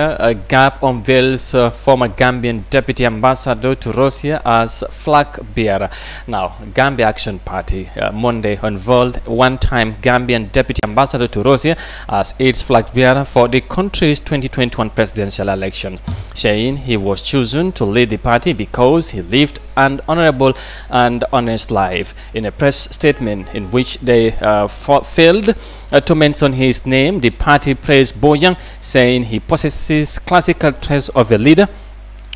A Gap unveils uh, former Gambian deputy ambassador to Russia as flag bearer. Now, Gambia Action Party uh, Monday unveiled one-time Gambian deputy ambassador to Russia as its flag bearer for the country's 2021 presidential election saying he was chosen to lead the party because he lived an honorable and honest life. In a press statement in which they uh, failed uh, to mention his name, the party praised Boyang, saying he possesses classical traits of a leader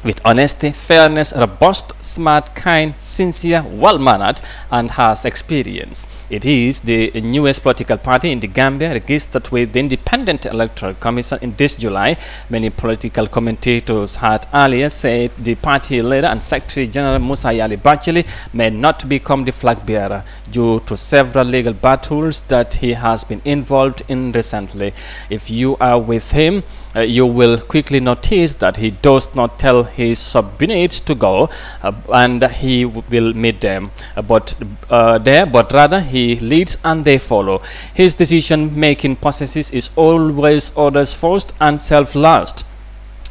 with honesty, fairness, robust, smart, kind, sincere, well-mannered, and has experience. It is the newest political party in the Gambia registered with the Independent Electoral Commission in this July. Many political commentators had earlier said the party leader and Secretary General Musa Yali Bachili may not become the flag bearer due to several legal battles that he has been involved in recently. If you are with him, uh, you will quickly notice that he does not tell his subordinates to go uh, and he will meet them uh, but uh, there but rather he leads and they follow his decision making processes is always others first and self last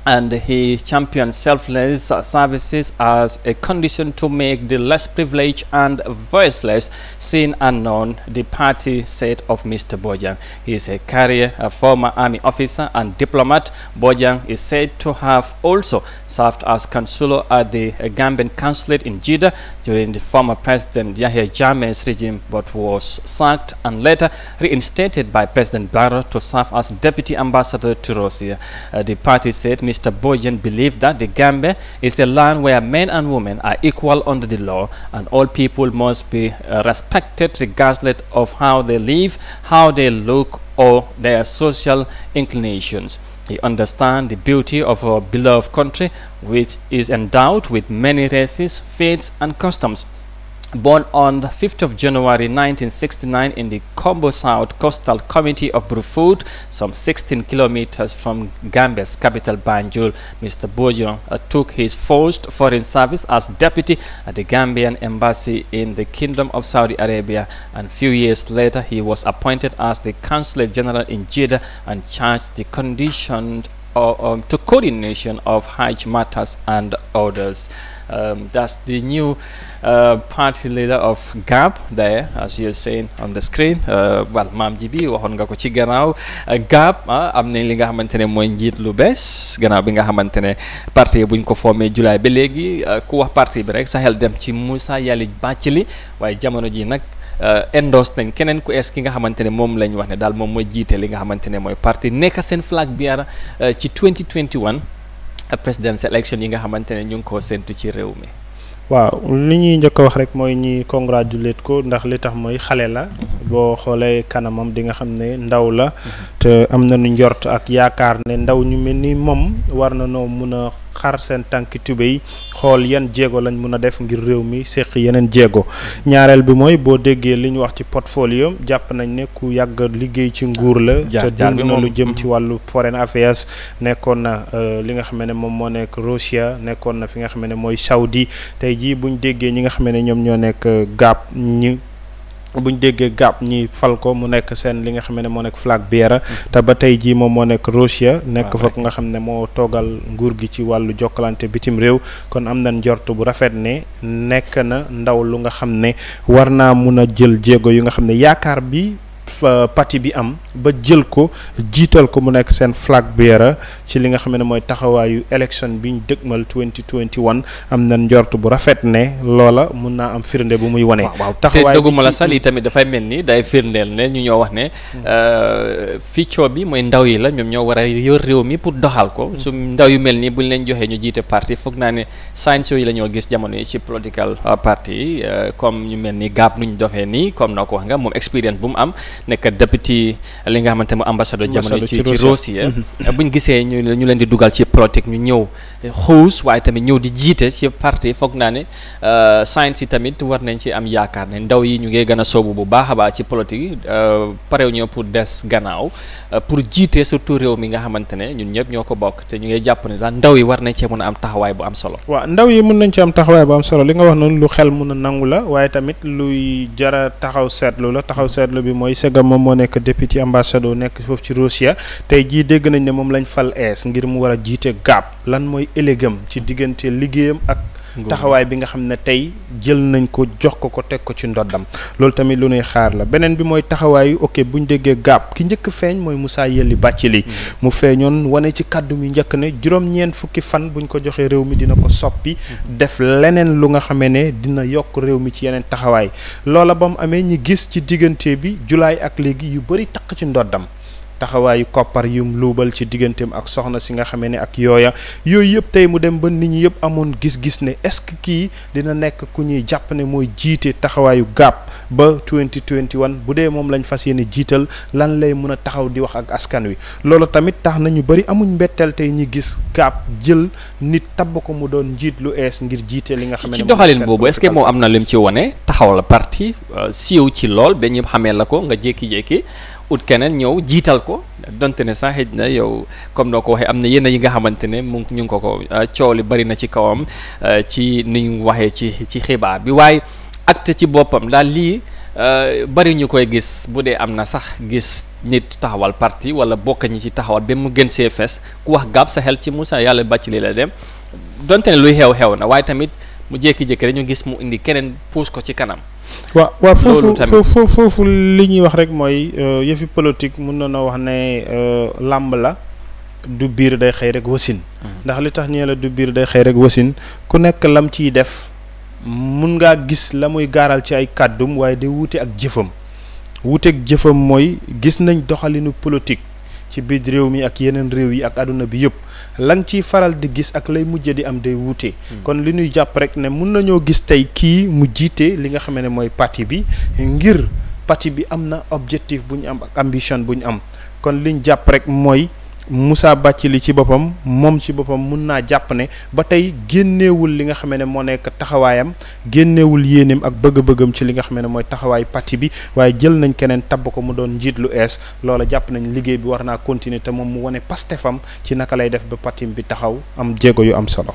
and he championed selfless services as a condition to make the less privileged and voiceless seen and known, the party said of Mr. Bojang. He is a career, a former army officer and diplomat. Bojang is said to have also served as consular at the Gambian consulate in Jeddah during the former President Yahya Jammeh's regime, but was sacked and later reinstated by President Barrow to serve as deputy ambassador to Russia. Uh, the party said Mr. Mr. Boyan believed that the Gambia is a land where men and women are equal under the law and all people must be uh, respected regardless of how they live, how they look or their social inclinations. He understands the beauty of our beloved country which is endowed with many races, faiths and customs born on the 5th of January 1969 in the Combo South Coastal Community of Brufut, some 16 kilometers from Gambia's capital Banjul. Mr. Bojong uh, took his first foreign service as deputy at the Gambian embassy in the Kingdom of Saudi Arabia and a few years later he was appointed as the Consulate General in Jeddah and charged the conditioned or, um, to coordination of Hajj matters and others. Um, that's the new uh, party leader of GAP there as you're seeing on the screen uh, well maam ji bi waxoon nga ko ci gannaaw uh, GAP ah, am nañ li nga xamante ne mooy njiit lu bees gannaaw bi nga xamante ne parti buñ ko formé julaay ba léegi ku wax parti bi rek sa xel dem ci Moussa Yali Bathily waaye jamono ji nag Euh, endorse nañ keneen ku es ki nga xamante ne moom la ñu wax ne daal moom mooy jiite li nga xamante ne mooy parti nekk seen flag bearer euh, ci 2021 euh, presidential election yi nga xamante ne ñu ngi koo séntu ci réew mi. waaw li ñuy njëkk a wax rek mooy ñi congratulate ko ndax li tax mooy xale la boo xoolee kanamam di nga xam ne ndaw la te am nañu njort ak yaakaar ne ndaw ñu mel ni moom war na noo mun a xar seen tànki tubéy xool yan jéego lañ mun a def ngir réew mi séq yeneen jéego ñaareel bi mooy boo déggee li ñu wax ci portfolio jàpp nañ ne ku yàgg liggéey ci nguur la te dund na lu jëm ci mm-hmm. wàllu foreign affairs nekkoon na euh, li nga xam ne moom moo nekk Russia nekkoon na fi nga xam ne mooy Saudi tey jii buñ déggee ñi nga xam ne ñoom ñoo nekk euh, gàpp bu buñ déggee gàpp ñi fal ko mu nekk seen li nga xam ne moo nekk flag bearer te ba tey jii moom moo nekk Rochia ah, nekk fa nga xam ne moo toogal nguur gi ci wàllu jokkalante bitim réew kon am na njort bu rafet ne nekk na ndaw lu nga xam ne war naa mun a jël jéego yu nga xam ne yaakaar bi parti bi am ba jël ko jiital ko mu nekk seen flag bearer ci li nga xam ne mooy taxawaayu élection bi ñu dëgmal 2021 am na njort bu rafet ne loola mun naa am firnde bu muy wane. taxawaay te dëgguma la sali tamit dafay mel ni day firndeel ne ñu ñoo wax ne. Hmm. Euh, ficco bi mooy ndaw yi la ñoom ñoo war réew mi pour doxal ko. Hmm. su ndaw yu mel nii buñ leen joxee ñu jiite parti foog naa ne change yi lañoo gis jamono yi ci political euh, parti euh, comme ñu mel ni nu ñu dofee nii comme noo ko wax nga moom expérience bu mu am. nekk député li nga xamante mu ambassadeur jamono ci ci eh? Mhm. Eh, buñ gisee ñu ñu leen di dugal ci politique ñu ñëw eh, xuus waaye tamit ñëw di jiite ci parti foog naa ne euh, science yi tamit war nañ ci am yaakaar ne ndaw yi ñu ngee gën a soobu bu baax baax ci politique euh, parew ñoo pour des gannaaw euh, pour jiite surtout réew mi nga xamante ne ñun ñëpp ñoo ko bokk te ñu ngey jàpp ne daal ndaw yi war nañ cee mën a am taxawaay bu am solo waaw ndaw yi mën nañ ci am taxawaay bu am solo li nga wax a nangu la waaye tamit luy jara segam moom moo nekk député ambassadeur nekk foofu ci Russia tey jii dégg nañ ne moom lañu fal ees ngir mu war a jiite GAP lan mooy élégam ci diggante liggéeyam ak taxawaay bi nga xam ne tey jël nañ ko jox ko ko teg ko ci ndoddam loolu tamit lu nuy xaar la beneen bi mooy taxawaayu ok bu ñu déggee gàpp ki njëkk feeñ mooy Moussa Yelli li mm. mu feeñoon wane ci kàddu mi njëkk ne juróom-ñeent fukki fan bu ñu ko joxee réew mi dina ko soppi mm. def leneen lu nga xamee ne dina yokk réew mi ci yeneen taxawaay loola ba mu amee ñi gis ci diggante bi julaay ak léegi yu bëri taq ci ndoddam taxawaayu koppar yu luubal ci digganteem ak soxna si nga xamee ne ak yooya yooyu yëpp tey mu dem ba nit ñi yëpp amoon gis-gis ne est-ce que kii dina nekk ku ñuy jàpp ne mooy jiite taxawaayu gàpp ba 2021 bu dee moom lañ fas yéene jiital lan lay mun a taxaw di wax ak askan wi loolu tamit tax na ñu bëri amuñ mbetteel tey ñi gis gàpp jël nit tabb ko mu doon njiit lu ees ngir jiite li nga xam ne ci doxalin boobu est-ce que moom am na lim ci wone taxaw la parti euh, siiw ci lool ba xamee la ko nga jékki-jékki ut keneen ñëw jiital ko donte ne sax xëj na yow comme noo ko waxee am na yenn yi nga xamante ne mu ñu ngi ko ko ah, coow li bari na ci kawam ah, ci ni ñu waxee ci ci xibaar bi waaye acte ci boppam daal lii ah, bari ñu koy gis bu dee am na sax gis nit taxawal parti wala bokk ñi ci taxawal ba mu gën see fees ku wax gaab sa xel ci Moussa yàlla bàcc li la dem donte ne luy xew xew na waaye tamit mu jékki-jékki rek ñu gis mu indi keneen puus ko ci kanam. waaw waaw foofu foofu li ñuy wax rek mooy euh, yëfi politique mun na noo wax ne euh, làmb la du biir day xëy rek wasin hmm. ndax li tax ñee la du biir day xëy rek wasin ku nekk lam ciy def mun ngaa gis la muy gaaral ci ay kàddum waaye day wuute ak jëfam wuuteeg jëfam mooy gis nañ doxalinu politique ci biir réew mi ak yeneen réew yi ak àdduna bi yëpp la nga ciy faral di gis ak lay mujje di am day wuute. Hmm. kon li ñuy jàpp rek ne mun nañoo gis tey kii mu jiite li nga xam ne mooy parti bi ngir parti bi am na objectif bu ñu am ak ambition bu ñu am kon li ñu jàpp rek mooy. musa Moussa Bathily ci boppam moom ci boppam mun naa jàpp ne ba tey génneewul li nga xam ne moo nekk taxawaayam génnewul yéeneem ak bëgg-bëggam ci li nga xam ne mooy taxawaayu parti bi waaye jël nañ keneen tabb ko mu doon njiit lu ees loola jàpp nañ liggéey bi war naa continuer te moom mu wane fam ci naka lay def ba parti bi taxaw am jéego yu am solo.